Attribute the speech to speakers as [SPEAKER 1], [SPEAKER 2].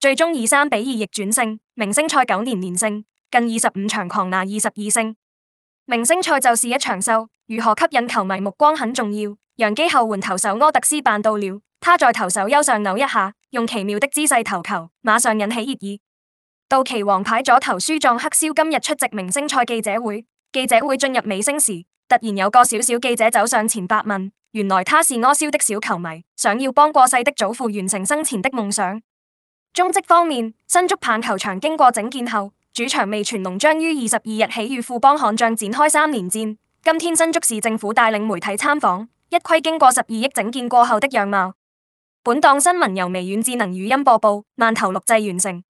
[SPEAKER 1] 最終以三比二逆轉勝，明星賽九年連勝，近二十五場狂拿二十二勝。明星賽就是一場秀，如何吸引球迷目光很重要。洋基後援投手柯特斯辦到了，他在投手丘上扭一下，用奇妙的姿勢投球，馬上引起熱議。道奇王牌左投手克蕭今日出席明星賽記者會，記者會進入尾聲時，突然有個小小記者走上前發問，原來他是柯蕭的小球迷，想要幫過世的祖父完成生前的夢想。中職方面，新竹棒球場經過整建後，主場味全龍將於二十二日起與富邦悍將展開三連戰。今天新竹市政府帶領媒體參訪，一窺經過十二億整建過後的樣貌。本檔新聞由微軟智能語音播報，慢頭錄製完成。